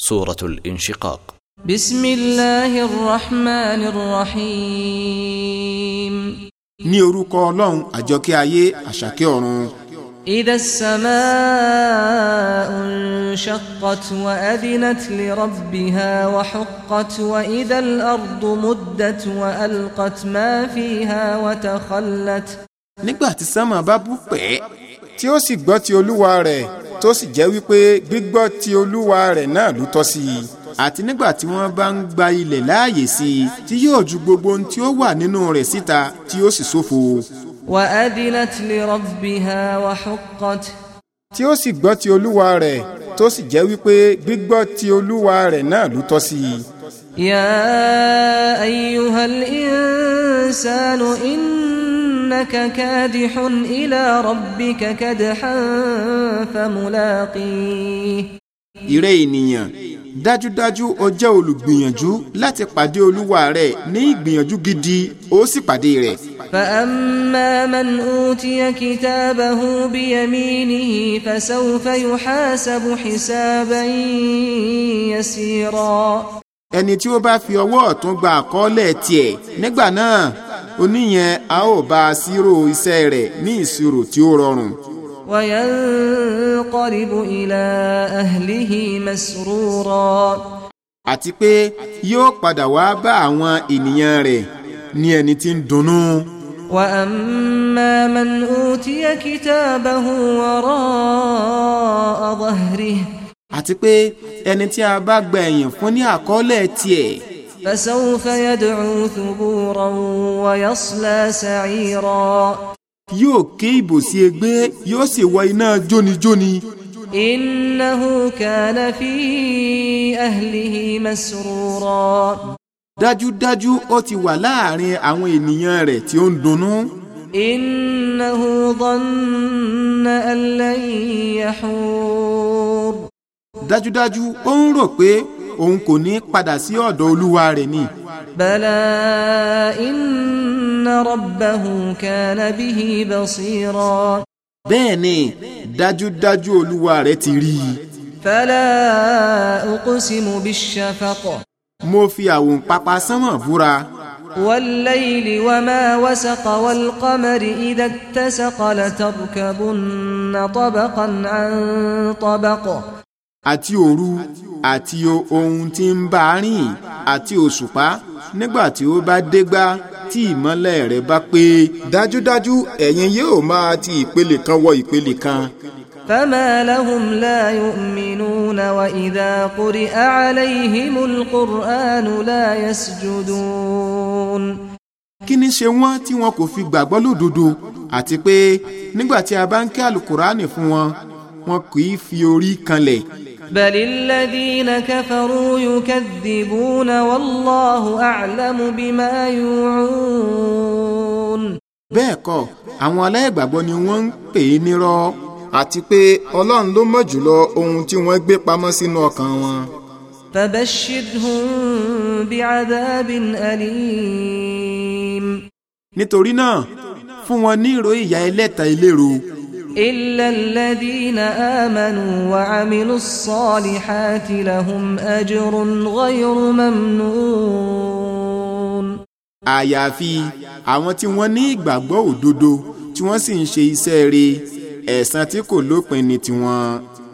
سورة الانشقاق بسم الله الرحمن الرحيم ní orúkọ ọlọ́run àjọkẹ́ ayé àṣàkẹ́ ọ̀run. إذا السماء انشقت وأذنت لربها وحقت وإذا الأرض مدت وألقت ما فيها وتخلت. nígbà tí بابو bá bú pẹ́ tí ó sì gbọ́ tó sì jẹ́ wípé gbígbọ́ ti olúwa rẹ̀ náà ló tọ́ sí i àti nígbà tí wọ́n bá ń gba ilẹ̀ láàyè sí i tí yóò ju gbogbo ohun tí ó wà nínú rẹ̀ síta tí ó sì ṣófo. wà á dilẹ̀ tilẹ̀ rabbiha wà huqqat. tí ó sì gbọ́ ti olúwa rẹ̀ tó sì jẹ́ wípé gbígbọ́ ti olúwa rẹ̀ náà ló tọ́ sí i. ya ayyuhal insanu inna. إنك كادح إلى ربك كدحا فملاقيه ìrẹ́ ènìyàn dájúdájú o jẹ́ olùgbìyànjú láti pàdé olúwa rẹ̀ ní ìgbìyànjú gidi ó sì pàdé rẹ̀. فأما من أوتي كتابه بيمينه فسوف يحاسب حسابا يسيرا. ẹni tí ó bá fi ọwọ́ ọ̀tún gba àkọọ́lẹ̀ tiẹ̀ nígbà náà oníyẹn a ó bá a ṣírò iṣẹ́ rẹ̀ ní ìṣirò tí ó rọrùn. wayanqalibu ila ahlihi masrura. àti pé yóò padà wá bá àwọn ènìyàn rẹ̀ ní ẹni tí ń dunnú. wa amma man utiya kitabahu wara'a dhahrihi. àti pé ẹni tí a bá gba fún ní àkọọ́lẹ̀ tiẹ̀. فسوف يدعو ثبورا ويصلى سعيرا yóò ké ibòsí ẹgbẹ́ yóò sì wá iná jónijóni. innahu kana fi ahlihi masrura. dájúdájú ó ti wà láàrin àwọn ènìyàn rẹ̀ tí ó ń dunnú. innahu dhanna an lan yahur. dájúdájú ó ń rò pé òun kò ní padà sí ọ̀dọ̀ olúwa rẹ̀ ni. bala inna rabbahu kana bihi basira. bẹ́ẹ̀ ni dájúdájú olúwa rẹ̀ ti rí i. fala uqsimu bishafaq. mo fi àwọn pápá sánmọ̀ búra. والليل وما وسق والقمر إذا اتسق لتركبن طبقا عن طبق àti òru àti ohun tí ń bá a rìn àti òṣùpá nígbà tí ó bá dégbà tí ìmọ́lẹ̀ rẹ̀ bá pé. dájúdájú ẹ̀yin yóò máa ti ìpele kan wọ ìpele kan. فما لهم لا يؤمنون وإذا قرئ عليهم القرآن لا kí ni ṣe wọ́n tí wọn kò fi gbàgbọ́ lódodo àti pé nígbà tí a bá ń kí àlùkùránì fún wọn wọn kì í fi orí kanlẹ̀. بل الذين كفروا يكذبون والله أعلم بما يوعون bẹ́ẹ̀ kọ́ àwọn aláìgbàgbọ́ ni wọ́n ń pè é nírọ́ àti pé ọlọ́run ló mọ̀ jùlọ ohun tí wọ́n gbé pamọ́ sínú ọkàn wọn. بعذاب أليم. nítorí náà fún wọn ní ìró ìyà ẹlẹ́ta ìlérò. إلا الذين آمنوا وعملوا الصالحات لهم أجر غير ممنون àyàfi àwọn tí wọ́n ní ìgbàgbọ́ òdodo tí wọ́n sì ń ṣe iṣẹ́ rere ẹ̀san tí kò lópin ni tiwọn.